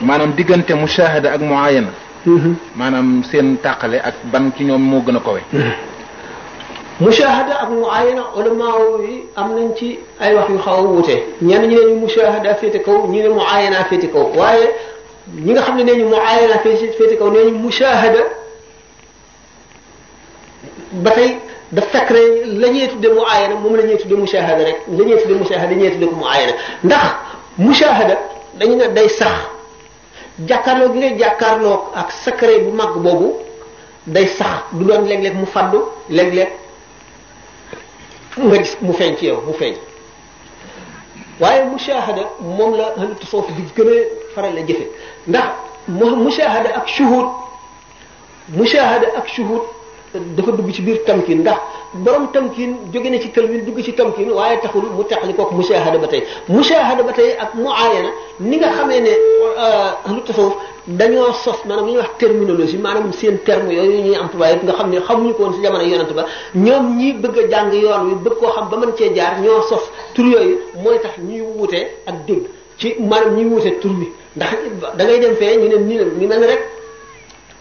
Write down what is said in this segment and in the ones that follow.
maanaam diggante mushahada ak muayana mm-hmm. maanaam seen tàqale ak ban ci ñoom moo gën a ko kowe mm-hmm. mushahada ak muayana ulama am nañ ci ay wax yu xaw a wuute ñenn ñi ne ñu mushahada féete kaw ñi ne muayana féete ñi nga xam ne nee ñu muayana féete kaw nee ñu mushahada ba tey daf fekk ne la ñuy tudde muayana moom la ñuy tudde mushahada rek la ñuy tudde mushahada ñuy tudde ko muayana ndax mushahada dañu ne day sax jàkkaarloo gi ngay jàkkaarloo ak secret bu mag boobu day sax du doon léeg-léeg mu faddu léeg-léeg mu feeñ ci yow mu feeñ waaye mushahada moom la ahlu tasawuf di gën a faral a jëfe ndax mushahada ak shuhud mushahada ak shuhud dafa dugg ci biir tamkin ndax borom tamkin jóge na ci talwin dugg ci tamkin waaye taxul mu teqali kook mushahada ba tey mushahada ba tey ak mu muayana ni nga xamee ne euh, lu tasawuf dañoo sos maanaam li ñuy wax terminologie maanaam seen terme yooyu ñuy employé nga xam ne xamuñu ko woon si jamono yonent ba ñoom ñi bëgg a jàng yoon wi bëgg koo xam ba mën cee jaar ñoo sos tur yooyu mooy tax ñuy wuute ak dégg ci maanaam ñuy wuute tur bi ndax da ngay dem fee ñu ne nii la rek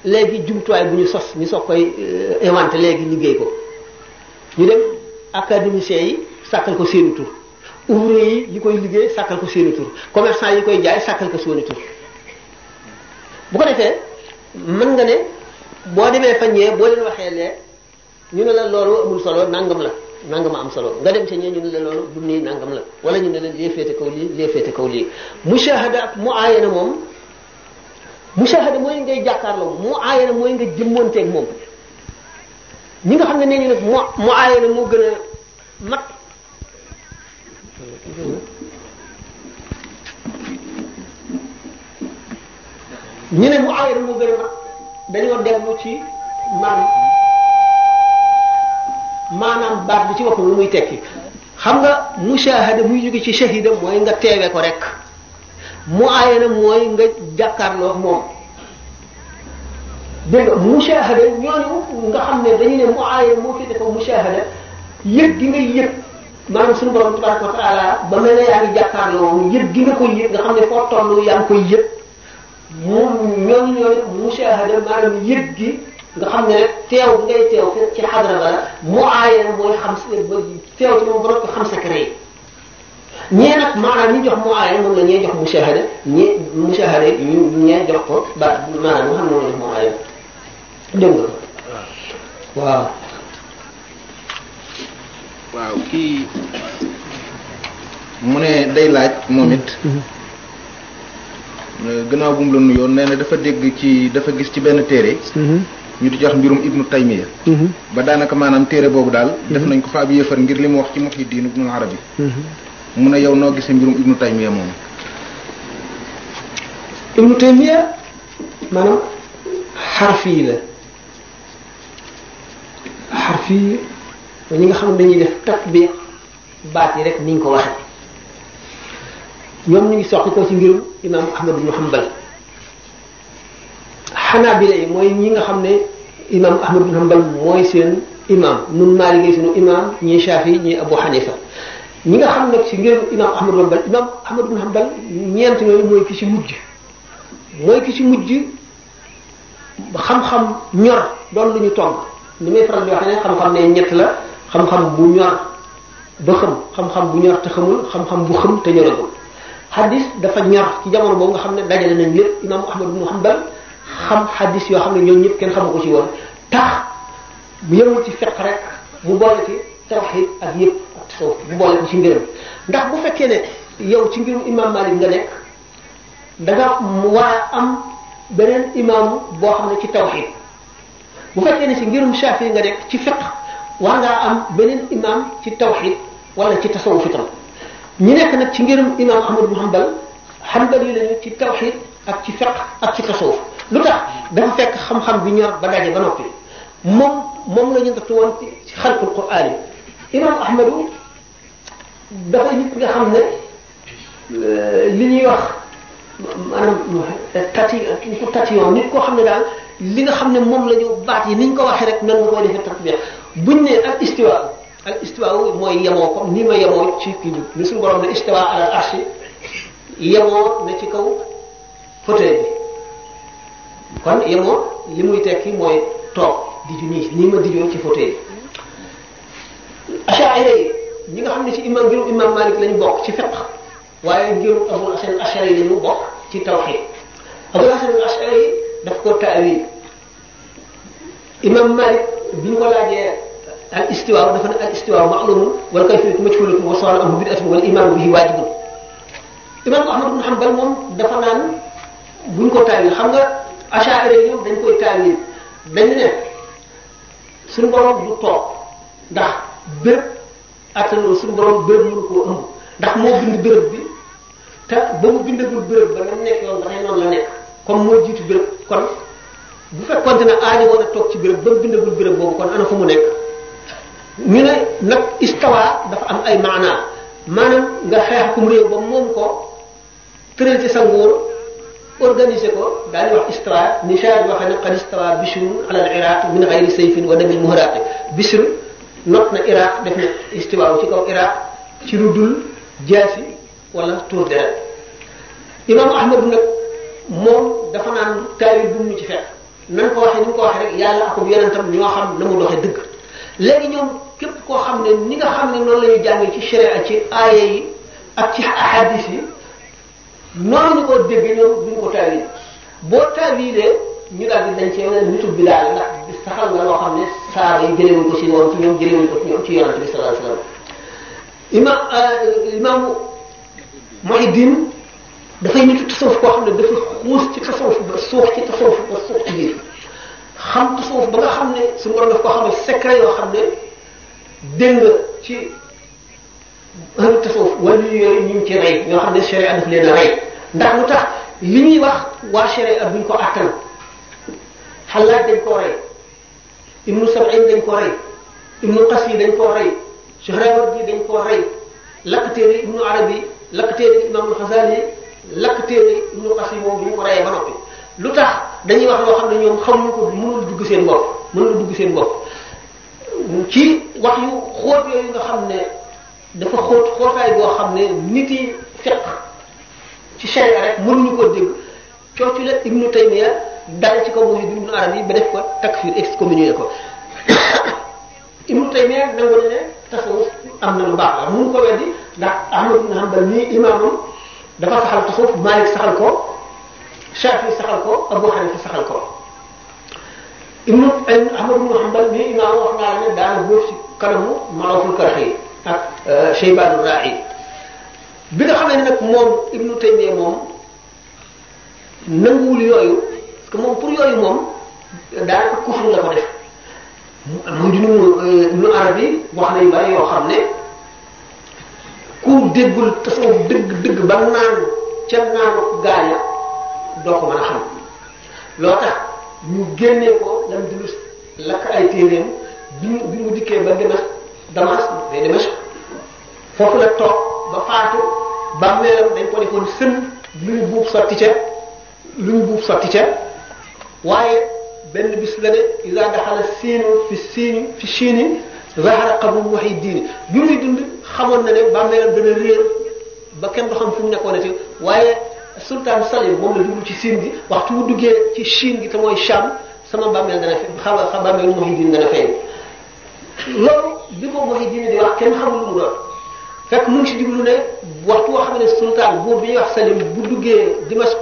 léegi jumtuwaay bu ñu sos ñu soog koy euh, inventé léegi liggéey ko ñu dem académiciens yi sàkkal ko seeni tur ouvrier yi koy liggéey sàkkal ko seeni tur commerçant yi koy jaay sàkkal ko seeni tur bu ko defee mën nga ne boo demee fa ñee boo leen waxee le ñu ne la loolu amul solo nangam la nangam am solo nga dem ca ñee ñu ne la loolu du nii nangam la wala ñu ne la lee féete kaw lii lee féete kaw lii mushahada ak muayana moom mushahada mooy ngay jàkkaarloo mu aayana mooy nga jëmmanteeg moom ñi nga xam ne nee ñu nag mu mu aayana moo gën a mat ñu ne mu aayana moo gën a mat dañoo dellu ci maanaam maanaam baat bi ci boppam lu muy tekki xam nga mushahada muy jóge ci shahida mooy nga teewee ko rek mu aaye na mooy nga jàkkaarloo moom dégg nga mushahada ñooñu nga xam ne dañu ne mu aaye moo fi defoo mushahada yëg gi nga yëg maanaam suñu borom tabaraka ba mel ne yaa ngi jàkkaarloo yëg gi nga xam ne foo toll yaa ngi koy yëg moom ñooñu ñooy mushahada maanaam yëg gi nga xam ne teew ngay teew ci xadra ba la mu aaye mooy xam teew ci moom borom ko xam secret yi ñee nag maanaam ñu jox muayen moom la ñee jox mushahada ñee mushahada ñee jox ko ba maanaam nga moom mu ne day laaj moom it mm-hmm. euh, gannaaw bu mu la nuyoon nee na dafa dégg ci dafa gis ci benn téere mm-hmm. ñu di jox mbirum ibnu taymiya mm-hmm. ba daanaka maanaam téere boobu daal def nañ ko fa ab yéefar ngir li mu wax ci muhyiddin ibnu arabi mun ne yow noo gisee mbirum ibnu taymiya moom ibnu taymiya maanaam xarf la xarfi yi ñi nga xam ne dañuy def bi baat yi rek ni ñu ko waxe ñoom ñu ngi soxli ko ci ngirum imam ahmad ibnu hanbal xanaabila yi mooy ñi nga xam ne imam ahmad ibnu hanbal mooy seen imam nun maalik yi sunu imam ñii shafi ñii abu xanifa ñi nga xam nag ci ngir imam ahmad hanbal imam ahmad ibn hanbal ñeent yooyu mooy ki ci mujj mooy ki ci mujj xam-xam ñor doon lu ñu togg ni may faral di wax ne xam-xam ne ñett la xam-xam bu ñor ba xam xam-xam bu ñor te xamul xam-xam bu xam te ñoragul hadis dafa ñor ci jamono boobu nga xam ne dajale nañ lépp imam ahmad ibn hanbal xam hadis yoo xam ne ñoom ñëpp kenn xamu ko ci woon tax mu yëmul ci fiqh rek mu boole ci tawhid ak yëpp suuf boole ko ci mbiram ndax bu fekkee ne yow ci mbirum imam Malik nga nekk da nga war a am beneen imam boo xam ne ci tawhid bu fekkee ne ci mbirum Shafi nga nekk ci fiqh war ngaa am beneen imam ci tawhid wala ci tasawuf itam ñi nekk nag ci ngirum imam Ahmad bu Hanbal Hanbal yi lañu ci tawhid ak ci fiqh ak ci tasawuf lu tax dafa fekk xam-xam bi ñor ba daje ba noppi moom moom la ñu nga tuwoon ci xalqul Qur'aan yi imam Ahmadu dafay nit nga xam ne euh, li ñuy wax maanaam tati nit koo xam ne daal li nga xam ne moom la ñu baat yi ni ñu ko waxee rek nan nga koy defee bu buñ ne al istiwa al istiwa mooy yemoo comme ni ma yemoo ci kii bi ni suñu borom ne istiwa ala arshi yemoo na ci kaw fauteuil bi kon yemoo li muy tekki mooy toog di ju nii nii ma dijoo ci fauteuil bi ñi nga xam ne ci imam ngirum imam Malik lañu bokk ci fiqh waaye ngirum Abul Hasan al-Ash'ari lañu bokk ci tawhid Abul Hasan al-Ash'ari daf ko taawil imam Malik bi ñu ko laajee al istiwa dafa ne al istiwa ma'lumun wal kayfiyatu majhulatun wa sawaabuhu bid'atun wal iman bihi waajibun imam Ahmad ibn Hanbal moom dafa naan buñ ko taawil xam nga Ash'ari ñoom dañ koy taawil dañ ne suñu borom du toog ndax bépp attan loolu suñu borom béréb mënu ndax moo bind béréb bi te ba mu bindagul béréb ba nam nekk yoon dafay noonu nekk comme moo jiitu béréb kon bu fekkoonte ne aajo woon a toog ci béréb ba mu bindagul béréb boobu kon ana fu mu nekk ñu ne nag istawa dafa am ay maanaa maanaam nga xeex kum réew ba moom ko tëral ci sa nguur organiser ko daal di wax istawa ni Shaad waxee ne qad istawa Bishrun ala al-Iraq min ghayri sayfin wa damin muhraq Bishr not na iraq def na istiwaaw ci kaw iraq ci lu dul jaasi wala tuur deret imaamu ahmadu nag moom dafa naan taawil bu mu ci fekk nan ko waxee ni mu ko waxee rek yàlla ak yonentam ñoo xam na mu doxee dëgg léegi ñoom képp koo xam ne ni nga xam ne noonu la ñu jàngee ci sharia ci aaya yi ak ci ahadis yi noonu ñu ko déggee ñoom duñ ko taawil boo taawilee ñu daal di dañ cee wala nitu bidaal ndax saxal nga loo xam ne saaba yi jëlewuñ ko si woon ci ñoom jëlewuñ ko ci ñoom ci yonante bi sallallahu alayhi wasallam euh, imam imaamu Muhiddin dafay nitu tasawuf koo xam ne dafa xuus ci tasawuf ba suux ci tasawuf ba suux ci biir xam tasawuf ba nga xam ne su borom daf koo xam ne secret yoo xam ne dégg nga ci am tasawuf wala yooyu ñu ngi ci rey ñoo xam ne sharia daf leen a rey ndax lu tax li ñuy wax waa sharia buñ ko attan xalaat dañ ko rey ibnu sab'in dañ koo rey ibnu xas yi dañ koo rey bi dañ koo rey lakk téere ibnu arabi lakk téere imam al-Ghazali lakk téere ibnu xas yi moom bu ñu ko reyee ba noppi lu tax dañuy wax loo xam ne ñoom xamuñu ko mënul dugg seen bopp mënul dugg seen bopp ci wax yu xóot yooyu nga xam ne dafa xóot xóotaay boo xam ne nit yi fekk ci charia rek mënuñu ko dégg coocu la ibnu taymiya dale ci ko Muhyiddin ibnu Arabi ba def ko takfir excommunier ko am na lu baax la ko weddi Ahmad ibn Hanbal nii imaamam dafa saxal tasawuf Malik saxal ko Shafi saxal ko Abu Hanifa saxal ko ibnu eh, Ahmad ibn Hanbal nii imaamam wax naa la ne ak eh, Shaybanu Ra'i bi nga xam ne nag moom ibnu taymiya moom nanguwul yooyu parce que moom pour yooyu moom daanaka kufru la ko def mujj nu euh, nu arab yi wax nañu bari yoo xam ne ku déggul tasawuf dëgg dëgg ba naan ca naanu gaal ya doo ko mën a xam loo tax ñu génnee ko dam dilus lakk ay téeréem bi mu bi mu dikkee ba demes damas day demes foofu la toog ba faatu ba meelam dañ ko defoon sën lu buub sotti ca lu ñu buub sotti ca waaye benn bis la ne ida daxala siinu fi siini fi siini zahara qabru waxi diini bi muy dund xamoon na ne bàmmeelam dana réer ba kenn du xam fu mu nekkoonati waaye sultaan Salim moom la dugg ci siin gi waxtu wu duggee ci Chine gi te mooy Cham sama bàmmeel dana fi xam xam bàmmeelu Muhyiddin dana feeñ loolu bi ko Muhyiddin di wax kenn xamul lu mu doon fekk mu ngi si jublu ne waxtu woo xam ne sultaan buur bi ñuy wax Salim bu duggee Dimashq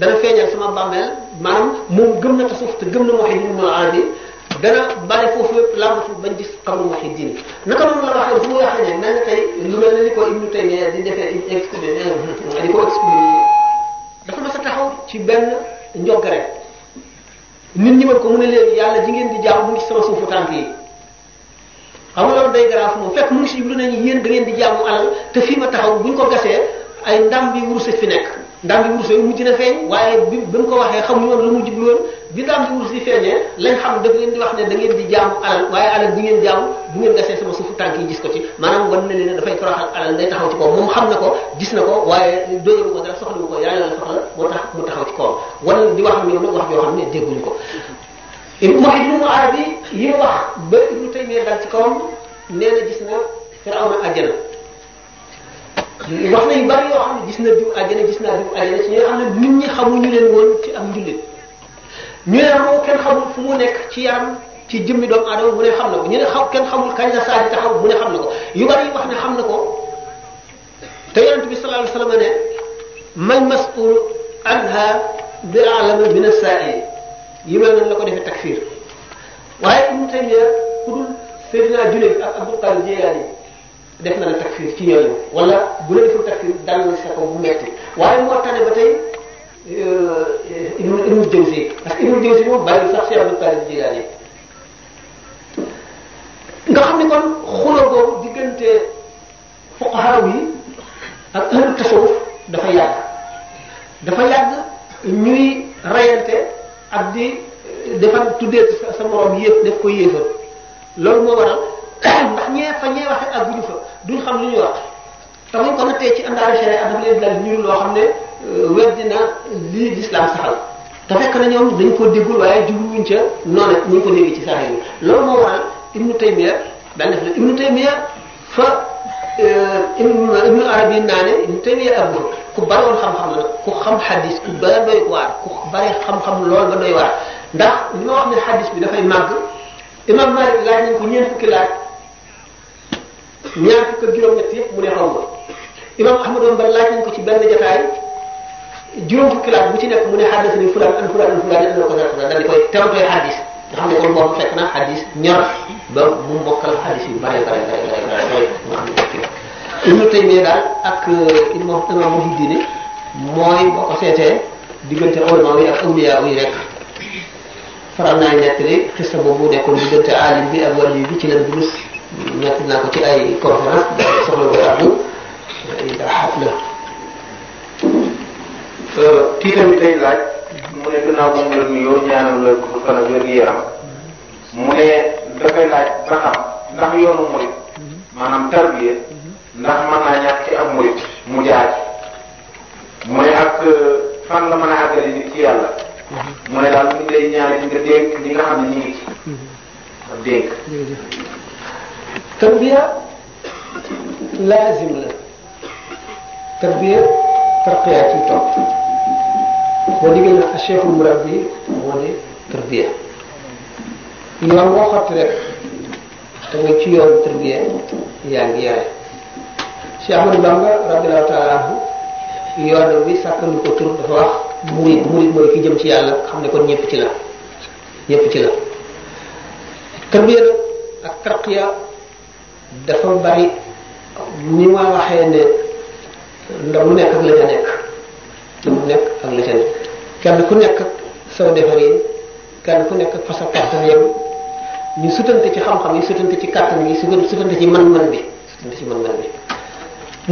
dana feeñal sama bàmmeel maanaam moom gëm na tasawuf te gëm na Muhyiddin Arabi dana bari foofu yëpp làmb fu gis xamru Muhyiddin naka noonu la mu waxee ne mel lu mel ne ni ko di defee dafa mas a taxaw ci benn njog rek nit ñi ko mu ne leen yàlla ji ngeen di jaamu mu ngi sama xam nga loolu day mu ngi si Ibnu nañu di jaamu alal te fii ma taxaw buñ ko gasee ay ndam bi wurus fi nekk daam di wurus yooyu mujj na feeñ waaye bi bi mu ko waxee xamuñu woon lu mu jublu woon bi daam di wurus yi feeñee lañ xam daf leen di wax ne da ngeen di jaamu alal waaye alal bi ngeen jaamu bu ngeen gasee sama ko ci maanaam wan na leen ne dafay toroxal alal day taxaw ci kaw moom xam na ko gis na ko waaye doyalu mu dara soxla ko yaa la soxla moo tax mu taxaw ci kawam wan di wax ñoom nag wax yoo xam ne dégguñu ba ibnu taymiya dal ci kawam nee na gis na firawna wax na yu bari yoo xam ne gis na diw àjjana gis naa diw àjjana ci ñi nga xam ne nit ñi xamuñu leen woon ci am njullit ñu ne roo xamul fu mu nekk ci yaram ci jëmmi doomu aadama mu ne xam na ko ñu ne xaw kenn xamul kañ la saa di taxaw mu ne xam ne ko yu bari wax ne xam na ko te yonent bi sallallahu alayhi wasallam ne mal mas'ul anha bi a'lama min as-sa'il yi mel noonu la ko defee takfir waaye Ibnu Taymiya ku dul Seydina Junayd ak Abdul Qadir Jilani def na la takfir ci yooyu wala bu la deful takfir dal na sa ko bu metti waaye moo tane ba tey ibnu euh, ibnu jawzi parce que ibnu jawzi moom bàyyi sax Cheikh Abdou Qadir Jilani nga xam ne kon xuloo boobu diggante fuqahaa yi ak ahlu tasawuf dafa yàgg dafa yàgg ñuy rayante ak di defar tuddee sa morom yépp def ko yéefal loolu moo waral ndax ñee fa ñee waxe ak bu ñu xam lu ñu wax te muñ ko nattee ci àndaaru sharia dafa leen dal ñu loo xam ne euh, weddi na lii l'islam saxal te fekk na ñoom dañ ko déggul waaye jubluwuñ ko dégg ci saa yi loolu moo waral ibnu taymiya daan def la ibnu taymiya fa euh, ibnu arabi naa ne ibnu taymiya abul ku baroon xam-xam la ku xam xadis ku ba doy waar lool ba doy waar ndax li ma wax bi dafay màgg imam malik laaj nañ ko ñeent fukki laaj ñaar fukk ak juróom-ñett yëpp mu ne romb imam ahmadoon ba laaj nañ ko ci benn jotaay juróom fukki laaj bu ci nekk mu ne xaddis ni fulaan an fulaan an fulaan yi am na ko dara dara daal di koy tewatee xaddis nga xam ne kon moom fekk na xaddis ñor ba mu mokkal xaddis yu bare bare bare bare bare nga xam ne Ibnu Taymiyya daal ak euh, imam imam Muhyiddin mooy boo ko seetee diggante ulama yi ak awliya yi rek faral naa nettali xista boobu nekkoon diggante alim bi ak wàllu bi ci lan durus ñett naa ko ci ay conférence da soxla koy àddu ay xat la kii tamit laaj mu ne gannaaw bu mu la nuyoo ñaanal la gudd fan ak wér yaram mu ne dafay laaj ba ndax yoonu murit maanaam tarbiya ndax mën naa ñàkk ci ab murit mu jaar mu ne ak euh, fan la mën a àggale nit ci yàlla mu ne daal mu ngi lay ñaanal nga dénk ñi nga xam ne ñu ngi ci mm-hmm. dénk tarbiya laazim la tarbiya tarqiya ci topp boo ga na a cheikhul murabbi moo ne tarbiya yoon woo xotti rek te nga ci yoon tarbiya yaa ngi yaay Cheikh Ahmadou Bamba radiyallahu taala anhu yoon wi sàkkalu ko tur dafa wax murid murid ki jëm ci yàlla xam ne kon ñëpp ci la ñëpp ci la tarbiya ak tarqiya dafa bari ni ma waxee ne ndax mu nekk ak la ndax mu nekk ak la ca ku nekk ak saw defar yi ku nekk ak fa sa kàttan yow ñu sutante ci xam-xam yi sutante ci kàttan yi sutante ci mën-mën bi sutante ci mën-mën bi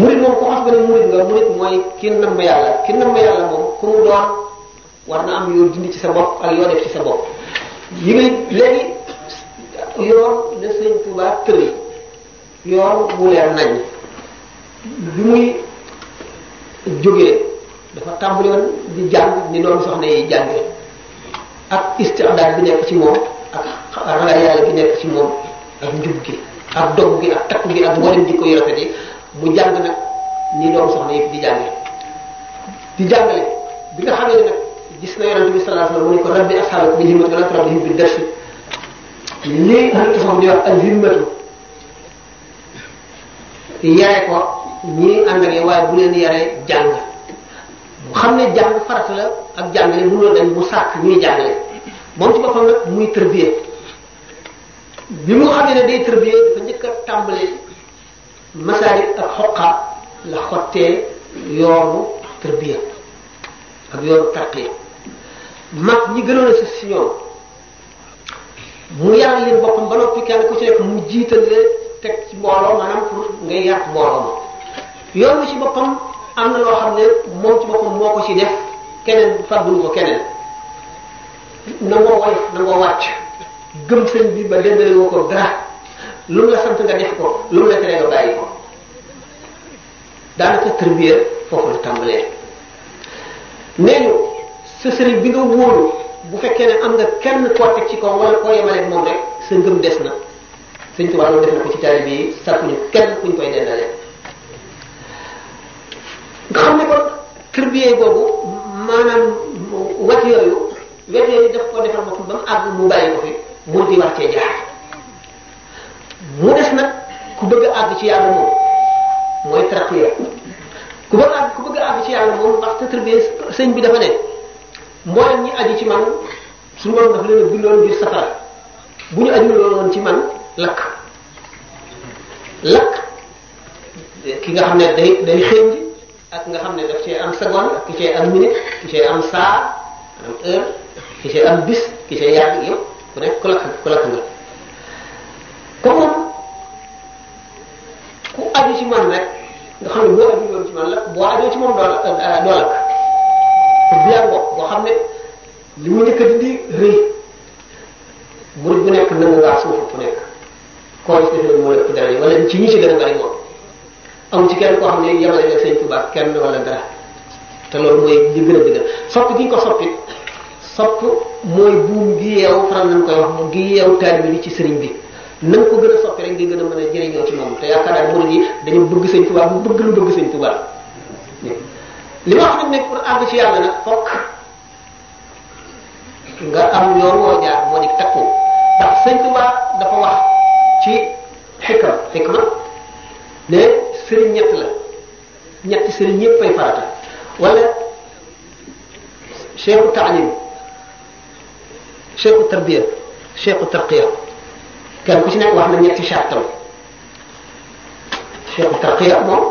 murid moom ku xas ba ne murid nga murid mooy ki namm yàlla ki namm yàlla moom ku mu doon war na am yoo dindi ci sa bopp ak yoo def ci sa bopp yi ngay léegi yoo la sëñ Tuubaa tëri yoon bu leer nañ bi muy jógee dafa tàmbali woon di jàng ni noonu soxna yi jànge ak istidaad bi nekk ci moom ak ragal yàlla bi nekk ci moom ak njub gi ak dog gi ak takku gi ak mboolem jikko yu rafet yi mu jàng nag ni doom soxna yi di jàngee di jàngale bi nga xam nag gis na yonente bi sallallahu alayhi wasallam mu ne ko rabbi ashabaka bil himmati wa la turabihim bid darsi lii xam ne dafa di wax al himmatu yare ko ñi ànd waaye bu leen yaree jàng mu xam ne jàng farata la ak jàngale mënuloo dañ mu sàkk ñuy jàngale moom ci boppam nag muy tërbiye bi mu xam ne day tërbiye dafa njëkk a tàmbali masaalik ak xoqa la xottee yoonu tërbiye ak yoonu tarqiya mag ñi gënoon a sës si ñoom mu yar leen boppam ba noppi kenn ku ci nekk mu jiital leen teg ci mbooloo maanaam pour ngay yàq mbooloo ma yoon wi ci boppam am na loo xam ne moom ci boppam moo ko ci def keneen fàggul ko keneen nangoo woy nangoo wàcc gëm bi ba dendale woo lu mu la sant nga def ko nga bàyyi ko foofu la tàmbalee nee sa sëriñ bu fekkee ne am nga kenn koo ci kaw wala koo yemaleeg moom des na sëñ Tuubaa loolu def na ko ci taalibe yi sàkkuñu kenn kuñ koy dendale nga xam ne kon tërbiyee boobu maanaam wet yooyu wet yooyu daf ko defal boppam ba mu àgg mu ko fi mu wax cee jaar mu des nag ku bëgg a ci yàlla moom mooy tarqiya ku bëgg ku bëgg ci yàlla moom wax te tërbiyee sëñ bi dafa ne mboolem ñi aju ci man suñu borom dafa leen a bindoon ngir safara bu ñu aju loolu woon ci man lakk lakk ki nga xam ne day day xëñ ak nga xam ne daf cee am seconde ak ki cee am minute ki cee am saa am heure ki cee am bis ki cee yàgg yëpp ku nekk ku lakk ku lakk nga ko moom ku aju ci man rek nga xam ne boo aju woon ci man la boo ajoo ci moom doo lakk euh, euh, doo lakk bilan boo boo xam ne li mu njëkk di di rëy murid bu nekk nangu ngaa suufu fu nekk koo ci defee moo ëpp dara wala ci ñi ci gën a bari moom amu ci kenn koo xam ne yemale na sëñ Tuubaa kenn wala dara te loolu mooy li gën a dëgg sopp gi ko soppi sopp mooy buum gi yeew koy wax gi yeew taalibe bi ci sëriñ bi na ko gën a soppi rek nga a ci te yaakaar naa murid bëgg sëñ Tuubaa mu bëgg lu bëgg sëñ Tuubaa li ma wax nag ne ci yàlla nag nga am yoon woo jaar moo di takku ndax sëñ dafa wax ci xikma xikma ne sëriñ ñett la ñetti sëriñ yëpp fay farata wala cheikhu taalim cheikhu tarbiya cheikhu tarqiya kenn ku ci nekk wax na ñetti chartam cheikhu tarqiya moom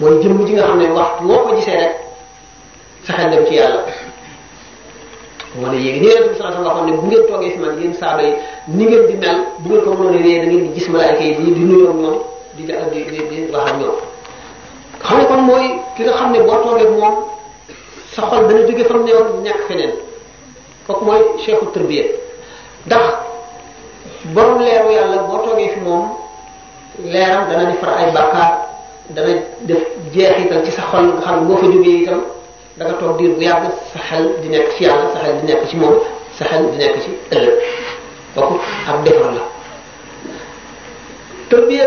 mooy jëmm ji nga xam ne wax boo ko gisee rek sa xel dem ci yàlla moo ne yéegi ni yonent bi sallallahu alayhi wasallam ne bu ngeen toogee fi man yéen saaba yi ni ngeen di mel bu ngeen ko mënoon ree da ngeen di gis malaayka yi di di nuyoo ñoom di di di di wax ak ñoom xam ne kon mooy ki nga xam ne boo toogee moom sa dana jóge fam newoon nekk feneen kooku mooy cheikhu tarbiya ndax borom leeru yàlla boo toogee fi moom leeram dana di ay bàkkaar dana def jeexital ci sa xol nga xam ne boo fa jógee itam da nga toog diir bu yàgg sa xel di nekk ci yàlla sa xel di nekk ci moom sa xel di nekk ci ëllëg kooku ak defar la tërbiya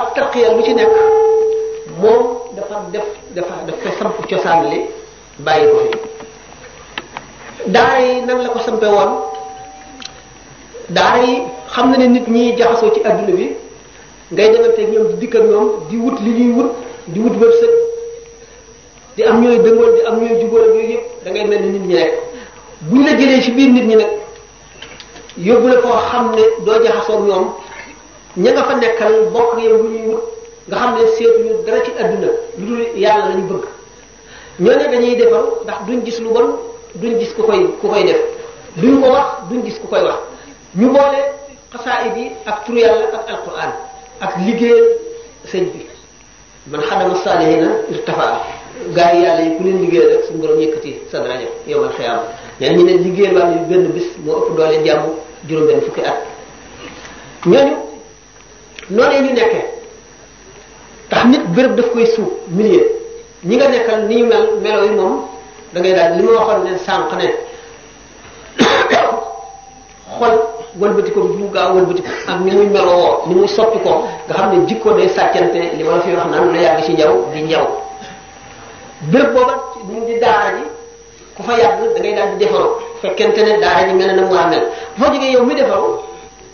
ak taqiya lu ci nekk moom dafa def cosaan li bàyyi yi nan la ko sampe woon daara xam na ne nit ñi jaxasoo ci àdduna bi ngay demante ñoom di dikk ak ñoom di wut li ñuy wut di wut wërsëg di am ñooy dëngoon di am ñooy jubóor ak yooyu yëpp da ngay mel nit ñi rek buñ la jëlee ci biir nit ñi nag yóbbu la koo xam ne doo jaxasoo ñoom ña nga fa nekkal bokk yow lu ñuy wut nga xam ne seetuñu dara ci adduna lu dul yàlla lañu dañuy defal ndax duñ gis lu bon duñ gis ko koy ku koy def duñ ko wax duñ gis ko koy wax ñu boole xasaayid ak turu yàlla ak alquran ak liggéeyal sëñ bi man xadama saalihina irtafaa gaa yi yàlla yi ku leen liggéey rek suñu borom yëkkati sa daraja yowmal xiyaama nee ñu ne liggéey ba am yi benn bis moo ëpp doole jàmm juróom-benn fukki at ñooñu noonee ñu nekkee tax nit béréb daf koy suuf milieu ñi nga nekkal ni ñu mel yi moom da daal li ma waxoon ne sànq ne xol wëlbati bu mu gaaw wëlbati ko ni muy meloo ni muy soppi nga xam ne jikko day sàccante li ma la fi wax naan lu la yàgg ci njaw di njaw béréb booba ñu ngi daara ji ku fa yàgg da ngay daal di defaroo fekkente ne daara ji mel na mu war a mel foo jógee yow mi defaroo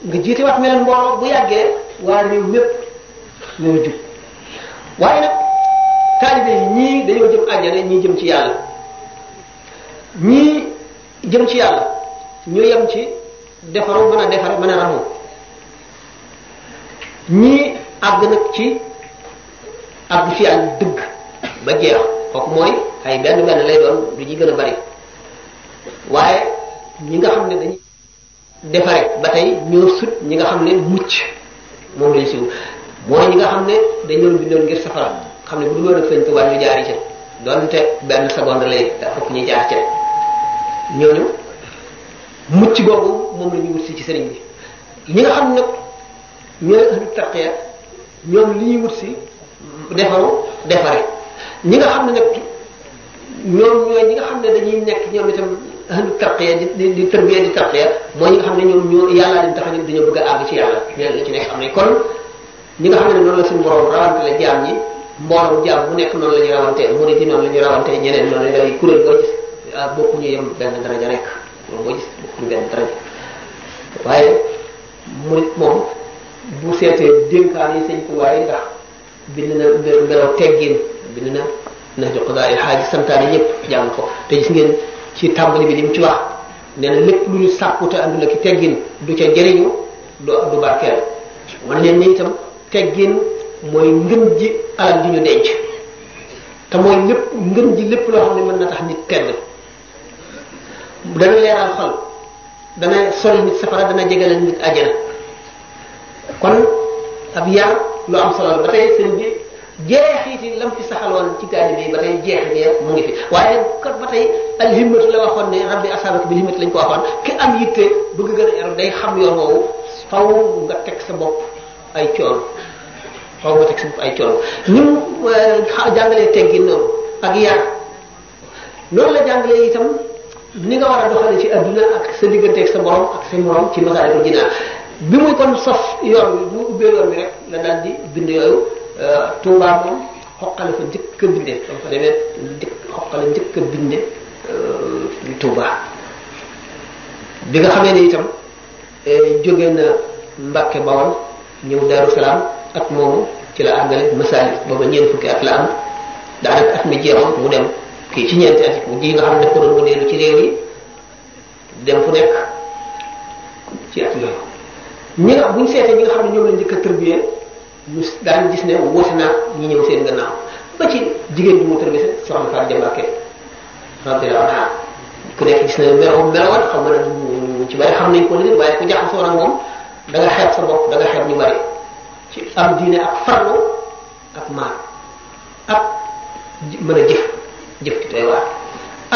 nga jiite wax melen mbooloo bu yàggee waa réew mépp ñoo jub waaye nag taalibe yi ñii dañoo jëm àjjana jëm ci yàlla ñii jëm ci yàlla ñu yem ci defaru mën a defar mën a ramu ñii àgg nag ci àgg fi ak dëgg ba jeex kooku mooy ay benn benn lay doon du ñuy gën a bari waaye ñi nga xam ne dañuy defare ba tey ñoo sut ñi nga xam ne mucc moom lañ siw mooy ñi nga xam ne dañoo bindoon ngir safara xam ne bu sëñ Tuubaa ñu jaari ca doonte benn seconde lay da fokk ñu jaar ca ñooñu mucc googu moom la ñu ci sëriñ bi ñi nga xam nag ñooy ahlu tarqiya ñoom li ñuy wut si defaru defare ñi nga xam ne nag ñoom ñooy ñi nga xam ne dañuy nekk ñoom itam ahlu tarqiya di di tarbiya di tarqiya mooy ñi nga xam ne ñoom ñoo yàllaa leen tax ñoom dañoo bëgg a àgg ci yàlla ñeneen la ci nekk am nañ kon ñi nga xam ne noonu la suñu borom rawante la jaam ñi mbooloo jaam bu nekk noonu la ñu rawante murid yi noonu la ñu rawante ñeneen noonu la ñu kuréel boo gis ah bokkuñu yem benn daraja rek moom boo gis bokkuñu benn daraja waaye murid moom bu seetee dénkaan yi sëñ ko waaye ndax bind na melo teggin bind na na jox daal xaaj santaane ñëpp jàng ko te gis ngeen ci tàmbali bi li mu ci wax nee lépp lu ñu sàkku te àndul ak teggin du ca jëriñu du du barkeel man leen ni itam teggin mooy ngën ji alal ji ñu denc te ji lépp loo xam ne tax nit tedd dana leeral xol dana sol nit safara dana jegalal nit àjjana kon ab yar lu am solo ba tey seen bi jeexiti lam fi saxaloon ci taalibe ba tey jeex jeex mu ngi fi waaye kon ba tey alhimmatu la waxoon ne rabbi asaabaka bi himmati lañ ko waxoon ki am yitte bëgg gën a ero day xam yoon woowu faw nga teg sa bopp ay coono faw nga teg ni euh, ak yar noonu la jàngalee itam ni nga war a doxalee ci adduna ak sa digganteeg sa borom ak sa morom ci masaalikul jinaan bi muy kon sos yoon wi bu ubbee yoon wi rek la daal di bind yooyu Touba moom xoqale fa njëkk a binde ba euh, bi nga xamee ne itam euh, jóge na Mbàkke Bawol ñëw Daaru Salaam at moomu ci la àggale masaali booba ñeent fukki at la am daanaka at mi jeexoon mu dem kii ci ñeenti at mu nga xam ne daf ko doon wëndeelu ci réew yi dem fu nekk ci at yooyu ñi nga buñ nga xam ne ñoom lañ njëkk a tërbiyee ñu daan gis ne woote naa ñi ñëw seen gannaaw ba ci jigéen bi mu tërbise soxna Fatou ku nekk gis na meloo melowal xam ne ci bari ko léegi waaye ku jaxasoo ak moom da nga xeeb sa bopp da nga xeeb ñu bari ci am diine ak farlu ak maar a jëf jëf ci tey waar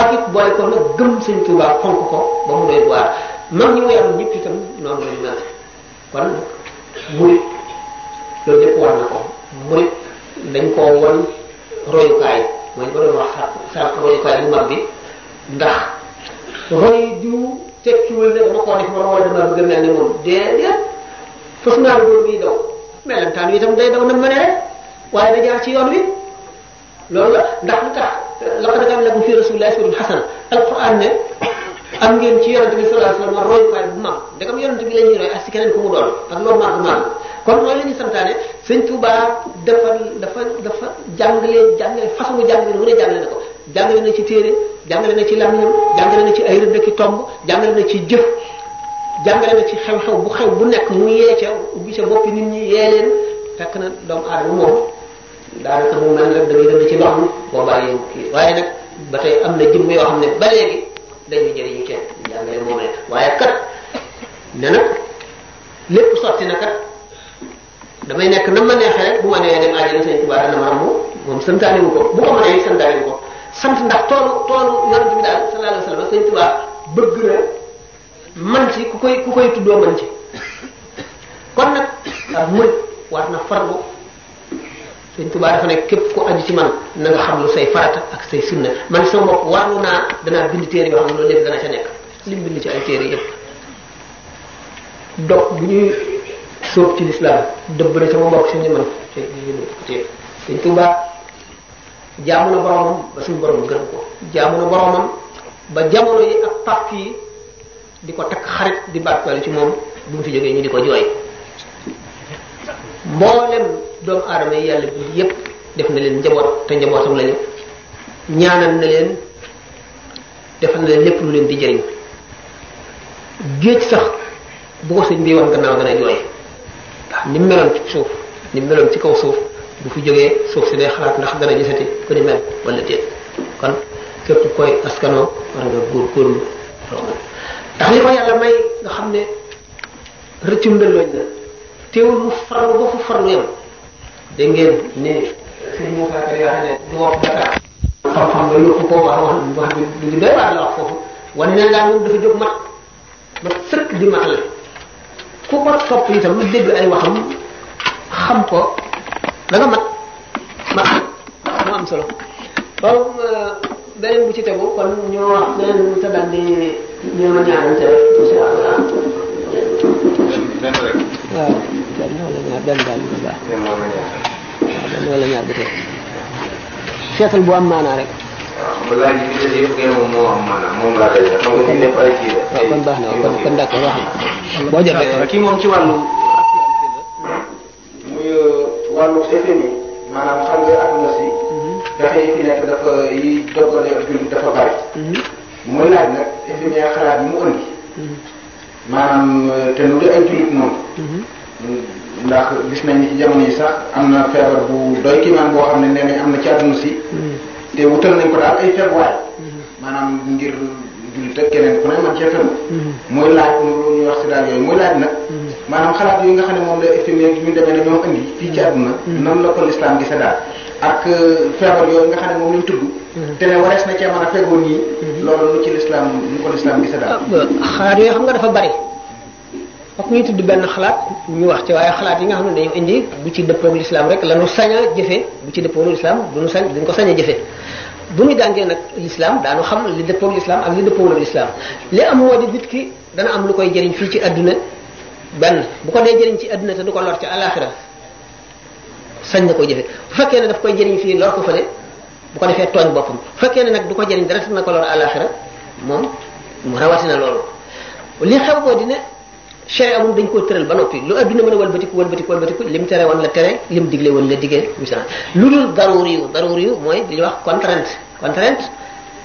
ak it boole ko nag gëm sëñ Tuubaa fonk ko ba mu doy waar mag ñi mu yàlla ñëpp itam noonu lañ mel kon mu loolu lépp war na ko murit dañ koo won royukaay mooy ko doon wax sànq royukaay bu mag bi ndax roy diw tekkiwul ne dama koo def man wala dama bëgg mel ni moom déedéet fas naa góor miy daw melentaan wi itam day daw na da jaar ci yoon wi loolu la ndax lu tax laqad kaana lakum fi rasulillahi uswatun hasana alquran ne am ngeen ci yonent bi sallallahu alayhi wasallam royukaay bu mag ndegam yonent bi la ñuy roy ak si keneen ku mu doon ak loolu mag mag kon dafa dafa dafa jàngale jàngale façon jàngale mu ne jàngale na ko jàngale na ci téere jàngale na ci làmmiñam jàngale na ci ay rëdd ki tomb jàngale na ci jëf jàngale na ci xew bu xew bu nekk mu yee ca ubbi ca boppi nit ñi na doomu aadama moom daanaka da ngay rëdd ci ndox mi am na jëmm yoo xam ne ba léegi dañuy jëriñu kenn ñu jàngale moomee waaye kat ne lépp sotti na kat damay nekk na ma neexee rek bu ma nee dem àjjana sëñ Tuubaa dana ma moom santaane ko bu ko mënee santaane ko sant ndax toolu toolu yonent bi daal sallallahu alayhi wasallam bëgg na man ci ku koy ku koy tuddoo man ci kon nag ak murid war na farlu sëñ tubaa dafa ne képp ko aju ci man na xam lu say farata ak say sunna man sama bopp warlu naa danaa bind téere yoo xam ne loolu lépp dana ca nekk lim bind ci ay téere yëpp donc bu ñuy sóob ci lislaam dëbb na sama mbokk si ni man sëñ Tuubaa jaamu boromam ba suñu borom gërëm ko jaamu na boromam ba jamono yi ak pàkk di ko takk xarit di bàkkaale ci moom bu mu fi jógee ñu di ko jooy mboolem doomu aadama yi yàlla bi yépp def na leen njaboot te njabootam lañu ñaanal na leen defal na leen lépp lu leen di jëriñ géej sax bu ko sëñ bi wax gannaaw gën a ni mu meloon ci suuf ni mu ci kaw suuf bu fi jógee suuf si day xalaat ndax gën a gisati ku ni mel wala déet kon képp koy askanoo war nga góorgóorlu ndax li ko yàlla may nga xam ne rëccum dellooñ la teewul mu farlu ba fu farlu yam dégg ngeen ne sëñ Moussa Kër yoo xam ne du wax dara xam-xam ba yóbbu ko wax wax wax bi du doy waar la wax foofu wane ne daal moom dafa jóg mat mat sëkk di mat la ku ko topp itam lu dégg ay waxam xam ko da nga mat mat mu am solo loolu euh, beneen bu ci tegu kon ñoo wax beneen bu tëddal di ñoo ñaanante incha allah benn rek waaw benn wala ñaar benn daal bu baax waaw benn wala ñaar bu tey seetal bu am maanaa rek waaw laaj bi ci des yëpp ngeen moom moo am maanaam moom laa koy def xam nga fi nekk ay kii la. waaw kon baax na kon kon d'accord wax na boo jotee kii moom ci wàllu. muy wàllu FM yi maanaam xam nga àdduna si. pexe yi fi nekk dafa yi doggale ak dafa bari. muy laaj nag FM yi xalaat yi mu ëndi. maanaam euh, te nu di ay jullit noonu. Mhm. ndax gis nañ ni ci jamono yi sax am na feebar bu doy kiimaan boo xam ne nee am na ci àdduna si. Mhm. te wutal nañ ko daal ay feebuwaay. Mhm. maanaam ngir jullit ak keneen ku ne man cee mooy laaj loolu ñuy wax si daal yooyu mooy laaj nag. maanaam xalaat yi nga xam ne moom la estimé ñu demee ne ñoom indi fii ci mm-hmm. la ko lislaam gisa daal ak euh, feebar yooyu nga xam ne moom lañ tudd mm-hmm. te ne warees na cee mën a fegoon mm-hmm. ci lislaam ñu ko daal ah, euh, xalaat yooyu xam nga dafa bari ak ñuy tudd benn xalaat ñu wax ci waaye xalaat yi nga xam ne dañu indi bu ci dëppoog lislaam rek la ñu sañ a ci dëppoog lislaam du ñu sañ duñ ko sañ a jëfe bu ñu jàngee nag lislaam daanu xam li dëppoog lislaam ak li dëppoog lislaam li am moo di nit ki dana am lu koy jëriñ fii ci àdduna benn bu ko dee jëriñ ci àdduna te du ko lor ci alaxira sañ na ko jëfe bu fekkee ne daf koy jëriñ fii lor ko fële bu ko defee tooñ boppam bu fekkee ne nag du ko jëriñ dara na ko lor alaxira moom mu rawatina loolu li xew boo di ne charia moom dañ koo tëral ba noppi lu adduna mën a walbatiku walbatiku walbatiku lim tere woon la tere lim woon la diggee misaal lu dul daruri yu mooy li wax contrainte contrainte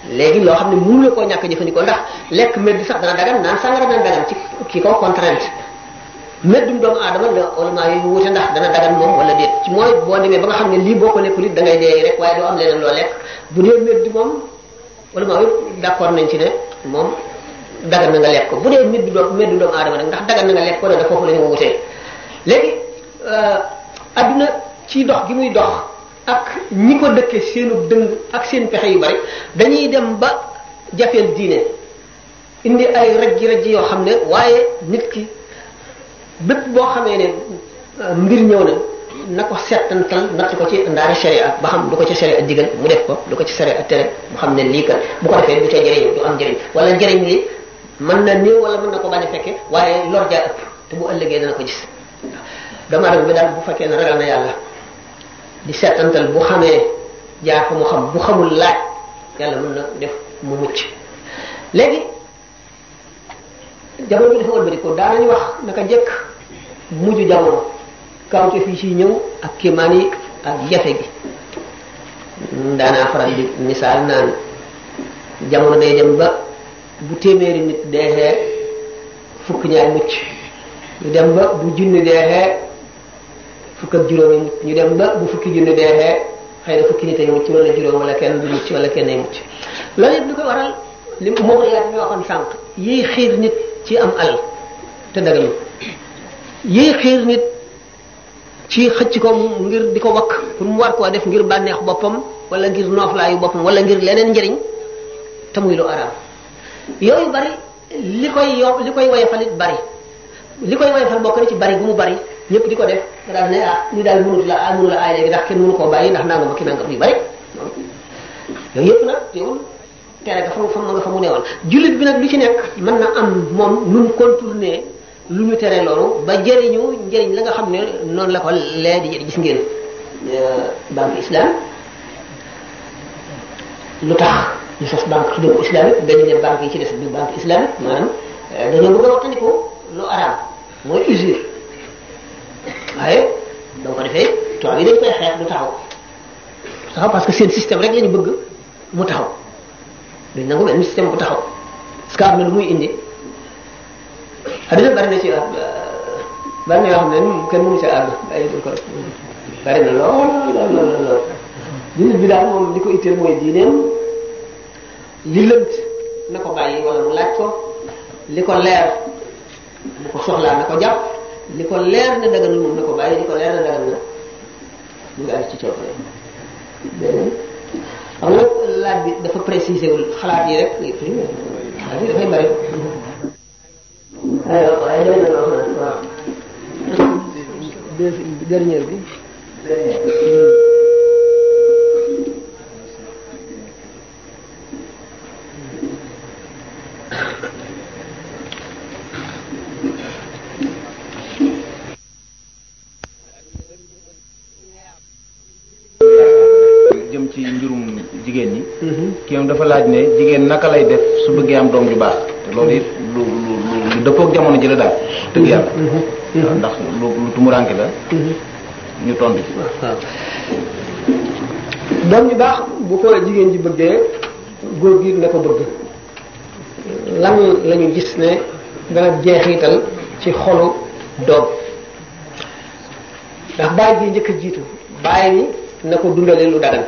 léegi loo xam ne mënu koo ñàkk jëfandikoo ndax lekk mel bi sax dana dagan naan sàngara dana dagan ci kii kaw contrainte meddum doomu aadama la ulama yi wute ndax dana dagan moom wala déet ci mooy boo demee ba nga xam ne lii boo ko lekkul it da ngay dee rek waaye doo am leneen loo lekk bu dee nañ ci ne moom dagan na nga lekk ko bu dee meddu doom meddu doomu aadama nag ndax dagan na nga lekk ko ne da foofu la ñu wutee léegi euh, adduna ci dox gi muy dox ak ñi ko dëkke seenu dëng ak seen pexe yu bari dañuy dem ba jafeel diine indi ay rajji rajji yoo xam ne waaye nit ki bépp boo xamee ne euh, mbir ñëw na na ko settantal natt ko ci ndaari sharia ba xam du ko ci sharia digal mu def ko du ko ci sharia tere mu xam ne nii ka bu ko defee du ca jëriñ du wala njëriñ li mën na néew wala mën na ko bañ a fekke waaye lor jaa ëpp te bu ëllëgee dana ko gis dama aadama bi daal bu fekkee ne ragal na yàlla di settantal bu xamee mu xam bu xamul laaj yàlla mën na def mu mucc léegi jamono bi dafa wëlbati ko daanañu wax naka njëkk mujj jamono kawte fii ci ñëw ak kéemaan yi ak jafe gi daanaa faral di misaal naan jamono day dem ba bu téeméeri nit deexee fukk ñaar mucc ñu dem ba bu junni deexee fukk ak juróomi mucc ñu dem ba bu fukki junni deexee xëy na fukki nit ay mucc wala juróom wala kenn du mucc wala kenn ay mucc loolu yëpp li ko waral li moo ko yaat ñoo waxoon sànq yiy xiir nit ci am alal te dagañu yii xiir nit ci xëcc ko ngir di ko wakk pour mu war koo def ngir bànneex boppam wala ngir nooflaayu boppam wala ngir leneen njariñ te muy lu araam yooyu bari li koy yo li koy woyofal it bari li koy woyofal bokk na ci bari bu mu bari ñépp di ko def nga daal ne ah ñu daal mënut la ah mënu la aay ndax kenn munu koo bàyyi ndax nangam ak ki nangam yu bari yooyu yëpp nag teewul tere nga fa mu fa mu nga fa jullit bi nag lu ci nekk mën na am moom nu lu ñu tere loolu ba jëriñu njëriñ la nga xam ne noonu la ko lee di gis ngeen euh, banque islam lu tax ñu sos banque tuddee ko islamique dañu ne banque yi ci des du banque islamique maanaam euh, dañoo bëgg a waxtandiku lu araam mooy usure waaye ba ko defee tubaab yi dañ koy xeex du taxaw du taxaw parce que seen système rek la bëgg mu taxaw duñ nangu benn système bu taxaw parce que am na lu muy indi adduna ci bari na yoo xam ne kenn ci àgg ay ko bari na lool lool lool bi daal moom li ko itteel laaj ko li ko leer mu ko ko jàpp li ko leer na ko bàyyi ko leer na daganul xam nga laaj bi dafa préciser xalaat yi rek xalaat yi dafay bari dernier bi jëm ci njurum jigéen ñi mhm. kii dafa laaj ne jigéen naka lay def su bëggee am doom ju baax te loolu it lu dëppook jamono ji la daal dëgg yàlla mm-hmm. Mm-hmm. ndax lu lu la mm-hmm. ñu tontu ci doom ju baax bu ko jigéen ji bëggee góor gi na ko bëgg lan lañu gis ne dana jeexital ci xolu doom ndax bàyyi bi njëkk a jiitu bàyyi ni na ko dundalee lu dagan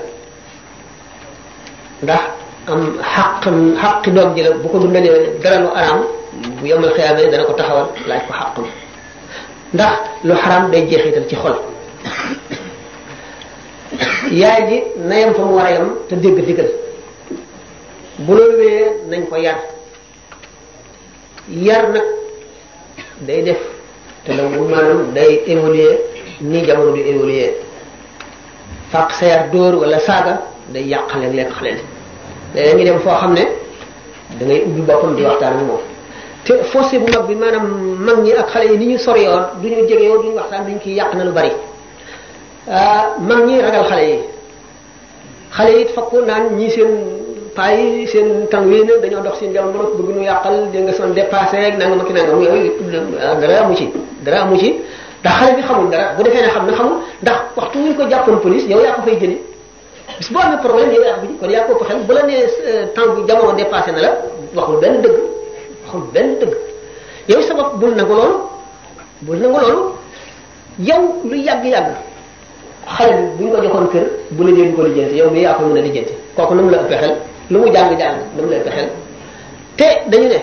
ndax am xaq xaqi doom ji la bu ko dundalee dara lu araam bu yombal xiyaamee dana ko taxawal laaj ko xàq ndax lu xaram day jeexital ci xol yaay ji na yem fa mu war a yem te dégg digal bu loolu wéyee nañ ko yar yar nag day def te la mu maanaam day évoluer nii jamono di évoluer fàq sa yar dóor wala saaga day yàq leen leen xale léeg-léeg ngi dem foo xam ne dangay ngay ubbi boppam di waxtaan moom te fossé bu mag bi maanaam mag ñi ak xale yi ni ñu sori woon du ñu jege yoon du ñu waxtaan dañ ciy yàq na lu bari euh, mag ñi ragal xale yi xale yi fakku naan ñii seen paa yi seen tàng wii na dañoo dox seen jamono bëgg ñu yàqal dégg nga son dépassé rek nangam ak nangam yooyu dara amu ci dara amu ci ndax xale bi xamul dara bu defee ne xam na xamul ndax waxtu wuñ ko jàppoon police yow yaa ko fay jëlee bis boo amee problème yow yaa ko kon yaa ko xel bu la nee euh, temps bi jamono dépassé na la waxul benn dëgg. amul benn dëgg yow sa bopp bul na loolu bul nangu loolu yow lu yàgg-yàgg xale bi bu ñu ko joxoon kër bu la dee du ko yow mi yaa ko mën a lijjanti kooku nu mu la ëppee xel lu mu jàng-jàng nu mu la ëppee xel te dañu ne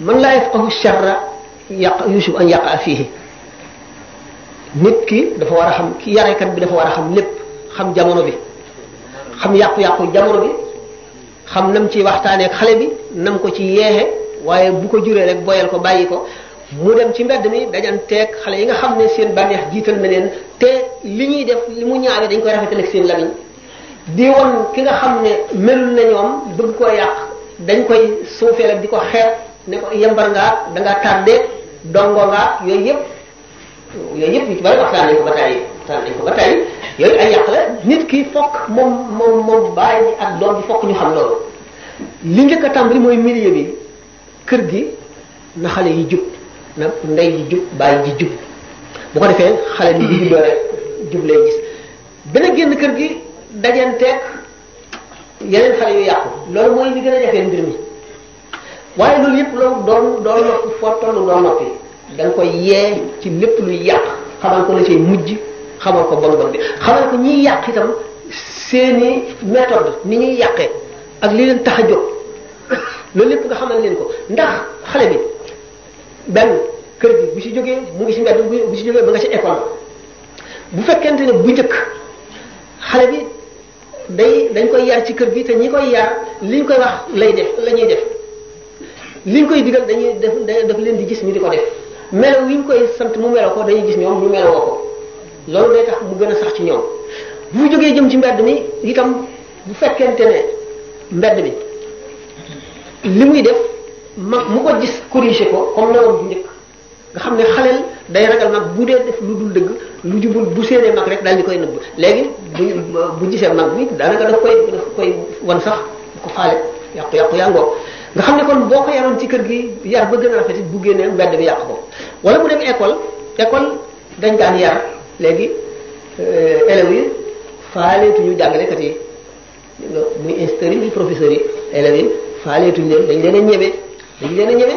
man laa yàq yusuf an yaqa fiihi nit ki dafa war a xam ki yarekat bi dafa war a xam lépp xam jamono bi xam yàqu-yàqu jamono bi xam nam ci waxtaanee xale bi nam ko ci yeexe waaye bu ko juree rek boyal ko bàyyi ko mu dem ci mbedd mi dajanteeg xale yi nga xam ne seen bànneex jiital na te li ñuy def li mu ñaawee dañ koy rafetal ak seen lamiñ di won ki nga xam ne melul na ñoom bëgg koo yàq dañ koy suufeel ak di ko xeer ne ko yembar ngaa da ngaa dongo ngaa yooyu yëpp yooyu yëpp yu ci bari waxtaanee ko ba tàyyi sax nañ ko ba tey yooyu ay yàq la nit ki fokk moom moom moom bàyyi ni ak doom bi fokk ñu xam loolu li njëkk a tàmbali mooy milieu bi kër gi na xale yi jub na ndey ji jub bàyyi ji jub bu ko defee xale bi bu juddoo rek jub lay gis dana génn kër gi dajanteeg yeneen xale yu yàqu loolu mooy li gën a jafee mbir mi waaye loolu yëpp loolu doon doon foo toll doon noppi da ko koy yee ci lépp luy yàq xamal ko la cay mujj xamal ko bon bon bi xamal ko ñiy yàq itam seeni méthode ni ñuy yàqee ak li leen tax a jóg loolu lépp nga xamal leen ko ndax xale bi benn kër gi bu ci jógee mu ngi ci mbedd bu ci jógee ba ci école bu fekkente ne njëkk xale bi day dañ koy yar ci kër gi te ñi koy yar liñ koy wax lay def la ñuy def liñ koy digal dañuy def daf leen di gis ñu di ko def melo wi ñu koy sant mu melo ko dañuy gis ñoom ñu meloo ko loolu day tax mu gën a sax ci ñoom bu jógee jëm ci mbedd mi itam bu fekkente ne mbedd mi li muy def mag mu ko gis corrigé ko comme na woon bu njëkk nga xam ne xaleel day ragal mag bu dee def lu dul dëgg lu jubul bu séenee mag rek daal di koy nëbb léegi bu bu gisee mag bi daanaka daf koy daf koy wan sax bu ko faale yàqu yàqu yaa nga xam ne kon boo ko yaroon ci kër gi yar ba gën a rafet bu génnee mbedd bi yàqu ko wala mu dem école école dañ daan yar léegi euh, élèves yi faaleetuñu jàngalekat yi muy instituteurs yi muy professeurs yi élèves yi faaleetuñu leen dañ leen a ñeme dañ leen a ñeme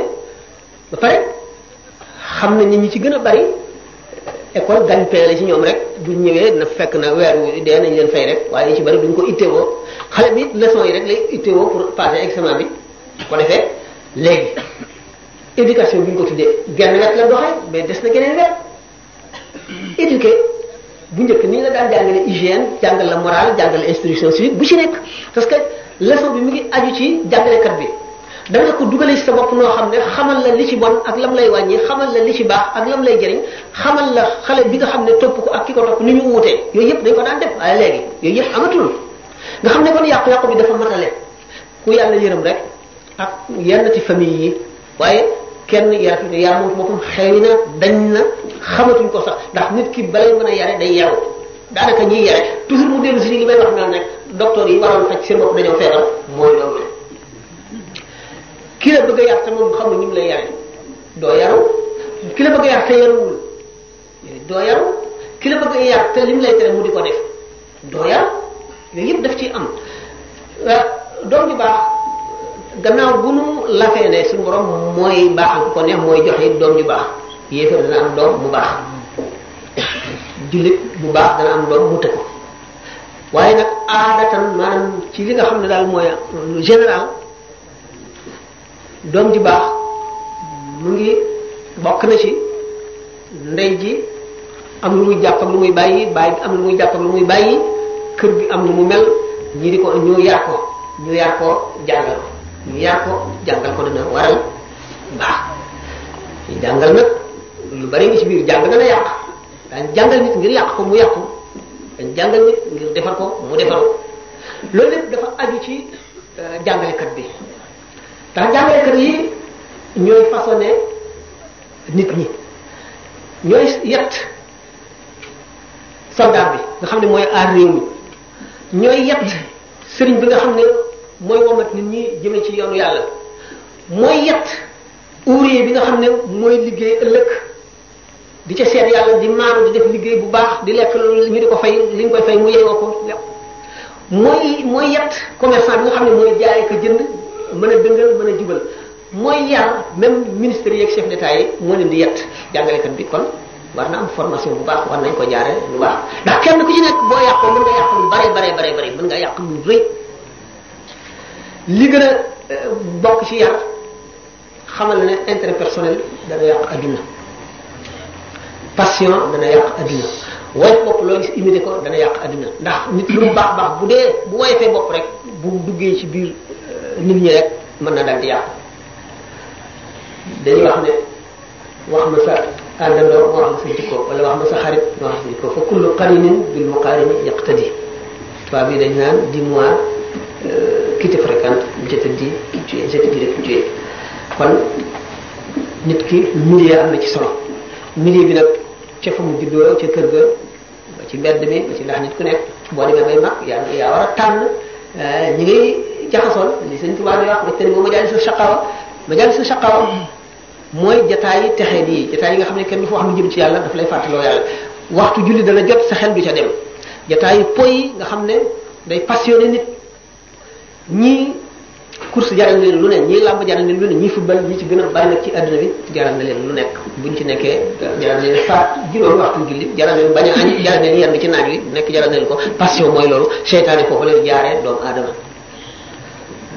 ba pare xam na ñi ci gën a bari école gañ peele ci ñoom rek buñ ñëwee na fekk na weer wi dee nañ leen fay rek waaye yi ci bari duñ ko itteewoo xale bi leçon yi rek lay itteewoo pour passer examen bi ko defee léegi éducation bi ñu ko tuddee gen wet la doxee mais des na geneen wet éduqué bu njëkk nii la daan jàngale hygiène jàngal la morale jàngale instruction civique bu ci nekk parce que leçon bi mu ngi aju ci jàngalekat bi danga ko dugalee ci sa bopp noo xam ne xamal la li ci bon ak lam lay wàññi xamal la li ci baax ak lam lay jëriñ xamal la xale bi nga xam ne topp ko ak ki ko topp ni ñu wutee yooyu yëpp dañ ko daan def waaye léegi yooyu yëpp amatul nga xam ne kon yàqu-yàqu bi dafa matale ku yàlla yërëm rek ak yenn ci fami yi kenn yaa tuuti yaa moom boppam xëy na dañ na xamatuñ ko sax ndax nit ki balay mën a yare day yaru daanaka ñiy yare toujours mu dellu si li may wax naan rek docteur yi waroon faj seen bopp dañoo feebar mooy loolu la ki la bëgg a yar te moom xam ne ñu ngi lay yare doo yaru ki la bëgg a yar te yaruwul doo yaru ki la bëgg a yar te lim lay tere mu di ko def doo yaru yooyu yëpp daf ci am ah, doom ju baax gannaaw bu nu lafee ne suñu borom mooy baaxal ko ne mooy joxe doom ju baax yéefar dana am doom bu baax jullit bu baax dana am doom mu tëkk waaye nag aadatan maanaam ci li nga xam ne daal mooy lu général doom ju baax mu ngi bokk na ci ndey ji am lu muy jàpp lu muy bàyyi bàyyi am lu muy jàpp ak lu muy bàyyi kër gi am lu mu mel ñii di ko ñu yar ko ñu yar ko jàngal ñu yar ko jàngal ko dana waral baax ci jàngal nag lu bari ngi ci biir jàng dana yàq daan jàngal nit ngir yàq ko mu yàqu loolu lépp dafa aju ci euh, jàngalekat bi ndax jàngalekat yi ñooy façonné nit ñi ñooy yett soldat bi nga xam ne mooy aar réew ñooy yett sëriñ bi nga xam ne mooy womat nit ñi jëme ci yoonu yàlla mooy yett ouvrier bi nga xam ne mooy liggéey ëllëg di ca seet yàlla di maanu di def liggéey bu baax di lekk ñu di ko fay li ñu koy fay mu yeewoo ko lépp mooy mooy yett commerçant bi nga xam ne mooy jaay ko jënd mën a dëngal mën a jubal mooy yar même ministres yeeg chef moo leen di yett jàngalekat bi kon war na am formation bu baax war nañ ko jaare lu baax ndax kenn ku ci nekk boo yàq lu bare nga yàq lu rëy li gën a euh, bokk ci yar xamal ne intérêt personnel dana yàq adduna passion dana yàq adduna woy bopp loo gis imité ko dana yàq adduna ndax nit lu baax baax bu dee bu woyatee bopp rek bu duggee ci biir euh, nit ñi rek mën na daal di yàq dañuy wax ne wax ma sa àndandoo wax ma sa jikko wala wax ma sa xarit wax ma sa jikko fa kullu qarinin bil muqarini yaqtadi tubaab yi dañ naan dis-moi qui te fréquente je te dis tu es je te dirai tu es kon nit ki milieu am na ci solo milieu bi nag ca fa mu juddoo ca kër ga ba ci mbedd mi ba ci ndax nit ku nekk boo demee bay mag yaa yaa war a tànn eh, ñi ngay jaxasoon li sëñ Tuubaa di wax wajtani bu majaalisu shaqaawa majaalisu shaqaawa mooy jataayi texe yi jataay yi nga xam ne kenn du fa wax lu jëm ci yàlla daf lay fàttaloo yàlla waxtu julli dana jot sa xel du ca dem jataayi poy nga xam ne day passionné nit ñii course jaral na leen lu ne ñii làmb jaral na leen lu ne ñii football ñi ci gën a bari nag ci àdduna bi jaral na leen lu nekk buñ ci nekkee jaral na leen faat juróomi waxtu julli jaral na leen bañ na leen nekk jaral leen ko passion mooy loolu seytaane foofu leen jaaree doomu aadama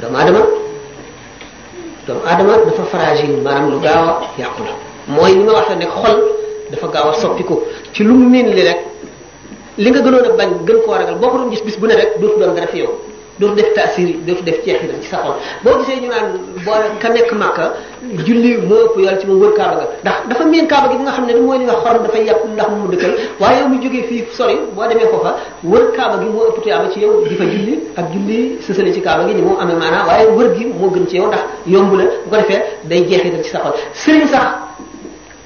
doomu aadama doomu adama dafa fragile maanaam lu gaaw a yàqu la mooy li nga wax ne xol dafa gaaw a ko ci lu mu miin li rek li nga gënoon a bañ gën koo ragal boo ko doon gis bis bu ne rek dootu doon dara fi yow dootu def taasir yi dootu def ceex yi ci sa xol boo gisee ñu boo ka nekk màkka moo ëpp yàlla ci moom wër ndax dafa miin kaaba gi nga xam ne ni mooy li nga xorom dafay yàpp ndax mu dëkkal waaye boo demee ko fa wër kaaba gi moo ëpp tuyaaba ci yow di fa julli ak julli sësale ci kaaba gi ni moom amee maanaa waaye wër gi moo gën ci yow ndax yomb la bu ko defee day jeexital ci sa xol sëriñ sax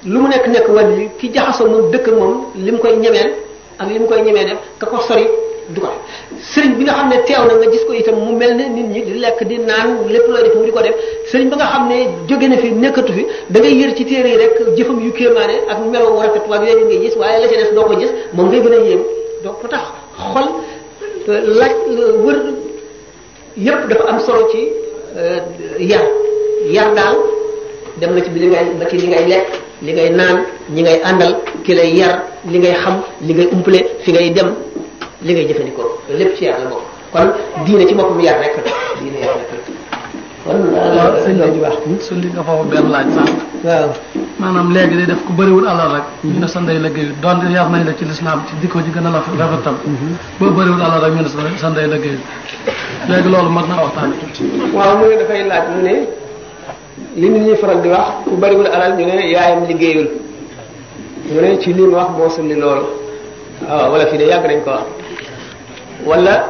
lu mu nekk nekk wàll ki jaxasoo moom dëkk moom li mu koy ñemeel ak li mu koy ñemee def ka ko sori dugal sëriñ bi nga xam ne teew na nga gis ko itam mu mel ne nit ñi di lekk di naan lépp looy def mu di ko def sëriñ ba nga xam ne jóge na fi nekkatu fi da ngay yër ci téere yi rek jëfam yu kéemaane ak melo wu rafet waag ngay gis waaye la ca des doo ko gis moom ngay gën a yéem donc tax xol wër yépp dafa am solo ci euh, yar yar daal dem na ci bi li ngay ba ci li ngay lekk li ngay naan ñi ngay àndal ki lay yar li ngay xam li ngay umpale fi ngay dem li ngay jëfandikoo lépp ci yar la bokk kon diine ci boppam yar rek la diine yar rek la kon loolu sëñ bi wax su li nga foofu benn laaj sax waaw maanaam léegi day def ku bëriwul alal rek ñu ne sa ndey liggéeyu donte yar nañ la ci lislaam ci jikko ji gën a rafetal mhm. boo bëriwul alal rek ñu ne sa ndey liggéeyu léegi loolu mën naa waxtaan waaw mu ne dafay laaj mu ne li nit ñi faral di wax ku bëriwul alal ñu ne yaayam liggéeyul ñu ne ci lii ma wax moo sulli loolu waaw wala fii de yàgg nañ ko wax wala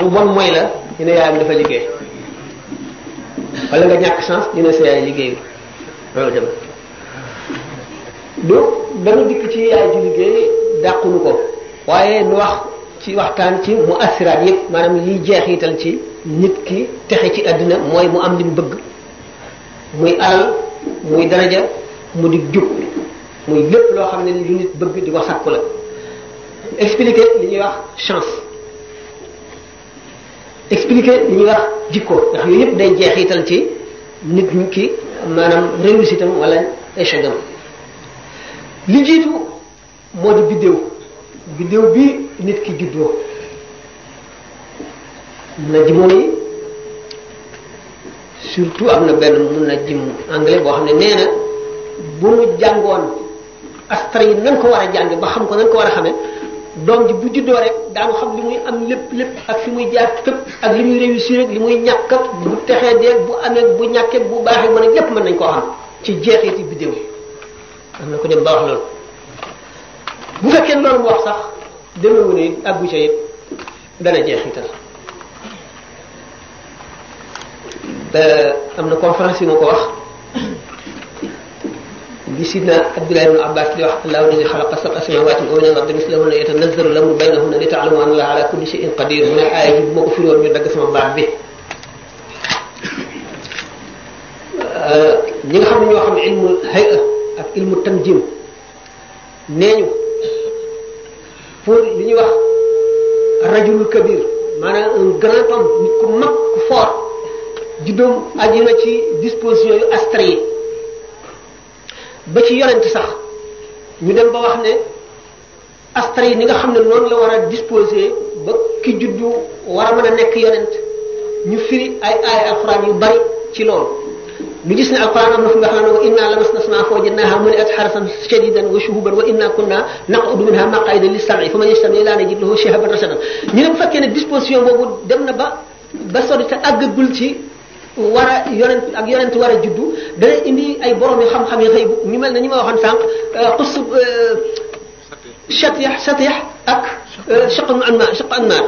lu bon mooy la ñu ne yaayam dafa liggéey wala nga ñàkk chance ñu ne yaay liggéey loolu dem donc dikk ci yaay ji liggéey dàqulu ko waaye nu wax ci waxtaan ci mu asiraat yëpp maanaam liy jeexital ci nit ki texe ci àddina mooy mu am li mu bëgg muy àll muy daraja mu di jub muy lépp loo xam ne lu nit bëgg di ko sàkku la expliquer li ñuy wax chance expliquer li ñuy wax jikko ndax yooyu yëpp day jeexital ci nit ñi ki maanaam réussite am wala échec am li jiitu moo di biddéew biddéew bi nit ki juddoo mun na jimoon yi surtout am na benn mun na jim anglais boo xam ne nee na bu mu jàngoon astar yi ko war a jànge ba xam ko nan ko war a xamee doom ji bu juddoo rek daanu xam li muy am lépp lépp ak fi muy jaar këpp ak li muy réussir ak li muy ñàkk ak bu texee dee bu amee bu ñàkkee bu baaxee mën a lépp mën nañ koo xam ci jeexiti biddéew am na ko dem ba wax loolu bu fekkee loolu mu wax sax demewu ne àggu ca it dana jeexital ba am na conférence yi ma ko wax bi sidna Abdullah ibn Abbas di wax allahu alladi xalaqa sab'a samawaatin wa minal ardi mislahunna yatanazzalu al-amru baynahunna li ta'lamu anna allaha ala kulli shay'in qadir mu ne aaya ji bu ma ko firi woon ñu dagg sama baat bi ñi nga xam ne ñoo xam ne ilmu hay'a ak ilmu tanjim nee ñu pour li ñuy wax rajulul kabir maanaam un grand homme nit ku mag ku fort juddoom aju na ci disposition yu astre yi ba ci yonent sax ñu dem ba wax ne astre yi ni nga xam ne noonu la war a disposer ba ki juddu war a mën a nekk yonent ñu firi ay ay alxuraan bari ci loolu ñu gis ne alxuraan am na fu nga xam ne wa inna lamasna samaa fawajadnaahaa mali'at harasan shadiidan wa shuhuban wa inna kunna naq'udu minhaa maq'ida lis-sam'i faman yastami' laa najid lahu shihaban rashadan ñu ne bu fekkee ne disposition boobu dem na ba ba sori te àggagul ci war a yonent ak yonent war a juddu dana indi ay borom yu xam-xam yi xëy ñu mel na ñi ma waxoon sànq xusub euh, euh, shatih shatih ak euh, shaq annaar shaq annaar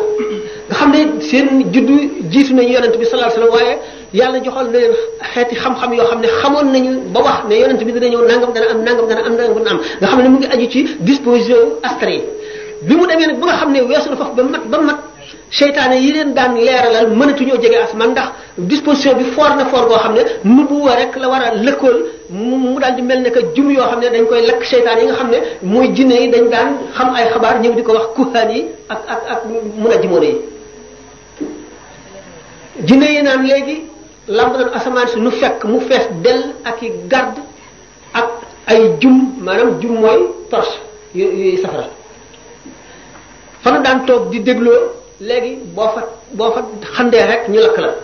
nga xam ne seen juddu jiitu nañu yonent bi sallallahu alayhi wasallam waaye yàlla joxal na leen xeeti xam-xam yoo xam ne xamoon nañu ba wax ne yonent bi dina ñëw nangam dana am nangam dana am nangam dana am nga xam ne mu ngi aju ci disposition astre yi bi mu demee nag ba nga xam ne weesu na foofu ba mat ba mat seytaane yi leen daan leeralal mënatuñoo jege asmaan ndax disposition bi foor na foor boo xam ne nubuwa rek la war a lëkkool mu daal di mel ne que jum yoo xam ne dañ koy lakk seytaan yi nga xam ne mooy jinne yi dañ daan xam ay xabaar ñëw di ko wax kuhaan yi ak ak ak mun a jimono yi jinne yi naan léegi lamb doon asamaan si nu fekk mu fees dell ak i garde ak ay jum maanaam jum mooy torche yu safara fana daan toog di dégloo léegi boo fa boo fa xandee rek ñu lakk la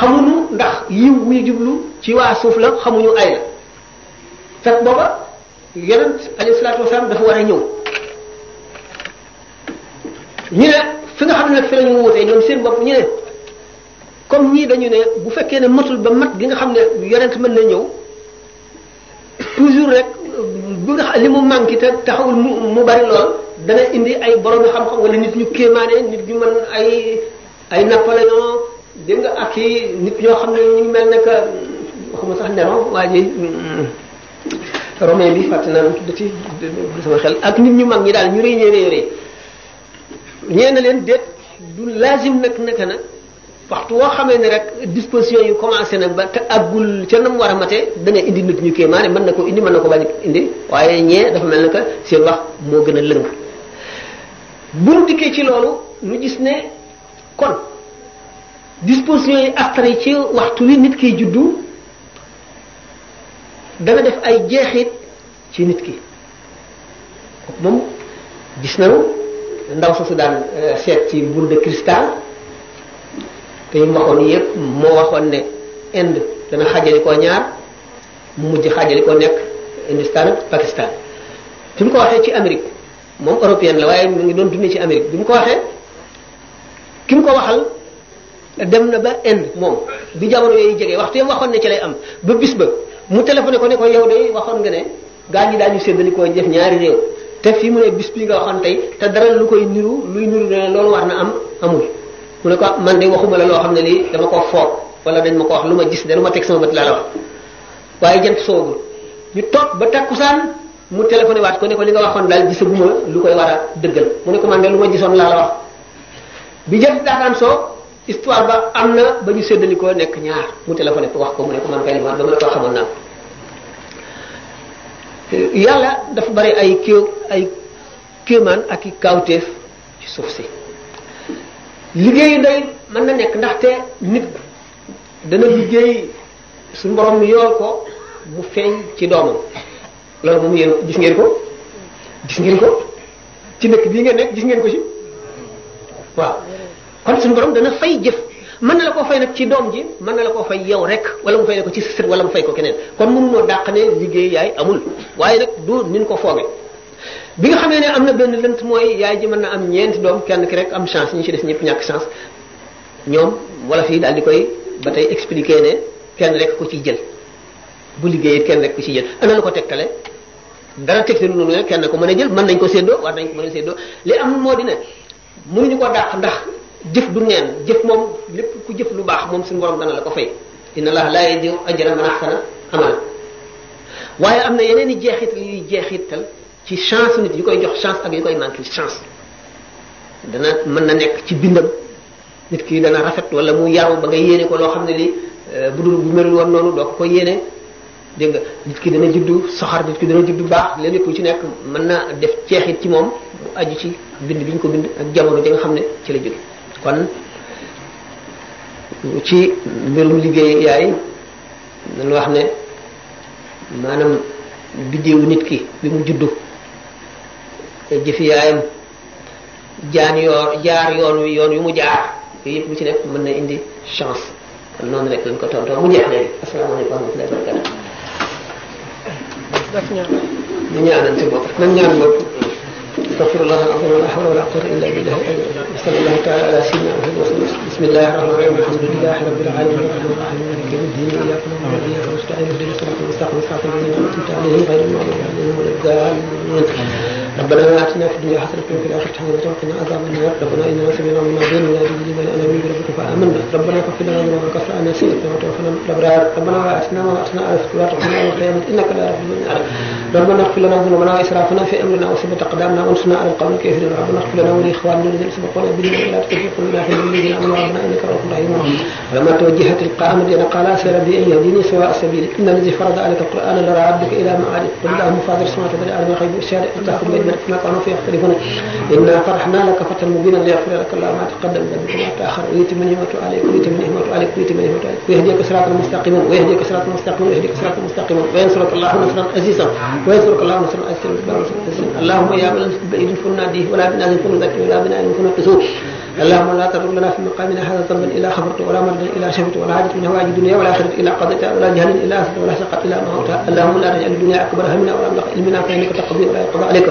xamuñu ndax yiw muy jublu ci waa suuf la xamuñu ay la fekk booba yonent alayhi salaatu wasalaam dafa war a ñëw ñu ne fi nga xam ne nag fi la ñu wutee ñoom seen bopp ñu ne comme ñii dañu ne bu fekkee ne matul ba mat gi nga xam ne yonent mën na ñëw toujours rek bu ndax li mu manqué te taxawul mu bari lool dana indi ay borom xam-xam wala nit ñu kéemaane nit ñu mën ay ay Napoléon dégg nga ak i nit ñoo xam ne ñu mel ne que waxuma sax Néron waa ji mm, Romain bi fàtte naa sama xel ak nit ñu mag ñi daal ñu rëy ñee rëy ñee na leen déet du laazim nag naka nag. waxtu woo xamee ne rek disposition yu commencé na ba te aggul ca nam war a matee dana indi nit ñu kéemaane mën na ko indi mën na ko bañ indi waaye ñee dafa mel ne que seen wax moo gën a lëng bu ci loolu ñu gis ne kon disposition yi astray ci waxtu wi nit kiy juddu dana def ay jeexit ci nit ki moom gis nañu ndaw soosu daan eh, seet ci boule de cristal te yim waxoon yépp moo waxoon ne Inde dana xajali ko ñaar mu mujj xajali ko nekk Hindustan ak Pakistan bi mu ko waxee ci Amérique moom européenne la waaye mu ngi doon dundee ci Amérique bi mu ko waxee ki mu ko waxal dem na ba Inde moom bi jamono yooyu jege waxtu yam waxoon ne ci lay am ba bis ba mu téléphoné ko ne ko yow de waxoon nga ne gaa ñi daañu séddali koo def ñaari réew te fii mu ne bis bi nga waxoon tey te dara lu koy niru luy niru ne loolu war am amul mu ne ko ah, man de waxuma la loo xam ne lii dama ko foog wala dañ ma ko wax lu ma gis de lu ma teg sama bët laa la wax waaye jant soogul ñu toog ba takkusaan mu téléphoné waat ko ne ko li nga waxoon daal gisaguma lu koy war a dëggal mu ne ko man de lu ma gisoon laa la wax bi jant daataan soo histoire ba am na ba ñu séddali nekk ñaar mu téléphoné ko wax ko mu ne ko man kay li ma dama ko xamoon naa yàlla dafa bari ay kéew ay kéemaan ak i kaawteef ci suuf si liggéey day mën na nekk ndaxte nit dana liggéey suñu borom yool ko mu feeñ ci doomam loolu moom yéen gis ngeen ko gis ngeen ko ci nekk bii ngeen nekk gis ngeen ko ci waaw kon suñu borom dana fay jëf mën na la koo fay nag ci doom ji mën na la koo fay yow rek wala mu fay la ko ci sët wala mu fay ko keneen kon mënu noo dàq ne liggéey yaay amul waaye nag du nin ko fooge bi nga xamee ne am na benn lënt mooy yaay ji mën na am ñeenti doom kenn ki rek am chance ñu ci des ñëpp ñàkk chance ñoom wala fii daal di koy ba tey expliquer ne kenn rek ko ci jël bu liggéeyee kenn rek ko ci jël ana lu ko tegtale dara tegtalu noonu ne kenn ko mën a jël mën nañ ko séddoo war nañ ko mën a séddoo li am moo di ne mënuñu ko dàq ndax jëf du neen jëf moom lépp ku jëf lu baax moom suñu borom dana la ko fay inna allah laa yadiu ajra man ahsana amala waaye am na yeneen i jeexital yi jeexital ci chance nit yi koy jox chance ak yi koy manqué chance dana mën na nekk ci bindam nit ki dana rafet wala mu yaaw ba nga yéene ko loo xam ne lii euh, budul bu melul woon noonu doo ko koy dégg nga nit ki juddu soxar nit ki dana baax leen yëpp ci nekk mën na def ceexit ci moom mu ci bind bi ko bind ak jamono ji nga xam ne ci la jóge kon ci mbirum liggéey yaay dañu wax ne maanaam biddeewu nit ki bi mu juddu jëfi yaayam jaan yoon jaar yoon wi mu jaar yooyu yëpp ci nekk mën na indi chance kon noonu rek lañ ko tontoo mu jeex léegi asalaamaaleykum wa rahmatullahi wa barakatuh daf ñaan ñu ñaanante bopp ñaan bopp استغفر الله العظيم ولا حول ولا قوة إلا بالله وصلى الله تعالى على سيدنا محمد وسلم بسم الله الرحمن الرحيم الحمد لله رب العالمين الرحمن الرحيم مالك يوم الدين إياك نعبد وإياك نستعين اهدنا الصراط المستقيم صراط الذين أنعمت عليهم غير المغضوب عليهم ولا الضالين ربنا آتنا في الدنيا حسنة وفي الآخرة حسنة وقنا عذاب النار ربنا إننا سمعنا مناديا ينادي لمن آمنوا بربكم فآمنا ربنا فاغفر لنا ذنوبنا وكفر عنا سيئاتنا وتوفنا مع الأبرار ربنا لا تأتنا ما أتنا على الصراط ولا تحملنا يوم القيامة إنك لا رب ربنا اغفر لنا ذنوبنا وإسرافنا في أمرنا وثبت أقدامنا وانصرنا على القوم الكافرين ربنا اغفر لنا ولاخواننا الذين سبقونا بالايمان ولا تكلف قلوبنا في الذين امنوا ربنا انك رؤوف رحيم فلما توجه تلقاء مدين قال عسى ربي ان يهديني سواء السبيل ان الذي فرض عليك القران لرعبك الى معاد قل اللهم فاضل السماوات والارض الغيب والشهاده انت تحكم بين ما كانوا فيه يختلفون انا فتحنا لك فتحا مبينا ليغفر لك الله ما تقدم من ذنبك وما تاخر ويتم نعمته عليك ويتم نعمته عليك ويتم نعمته عليك ويهديك صراطا مستقيما ويهديك صراطا مستقيما ويهديك صراطا مستقيما وينصرك الله نصرا عزيزا وينصرك الله نصرا عزيزا اللهم يا تلبس بئر فن ناديه ولا بناس فن ذكر ولا بناء فن قصور اللهم لا تضر لنا في مقامنا هذا ذنبا الا خبرته ولا مرضا الا شفته ولا حاجه من هواج الدنيا ولا اخره الا قضيتها ولا جهل الا اسرته ولا شقه الا موتها اللهم لا تجعل الدنيا اكبر همنا ولا مبلغ علمنا فانك تقضي ولا يقضى عليك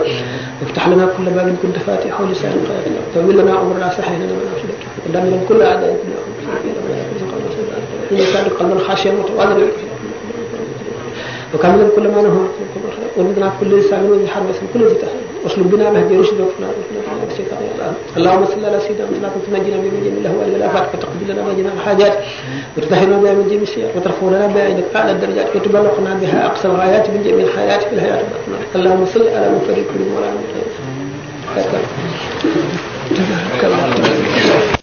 وافتح لنا كل باب كنت فاتحه لسان خير فمن لنا امرنا صحيح لنا ونرشدك ودمر كل اعداء لسانك قلبا خاشيا متواضعا وكمل كل ما نهى ومن كل لسان من الحرب كل ذي تحرير واسلبنا مهدي رشد وقنا وقنا من الشيطان الرجيم اللهم صل على سيدنا محمد وتنجينا من جميع الاهوال والافات وتقبل لنا جميع الحاجات وتطهرنا بها من جميع السيئات وترفع لنا بها عندك اعلى الدرجات وتبلغنا بها اقصى الغايات من جميع الحياه في الحياه والممات اللهم صل على مفرج كل مولانا تبارك الله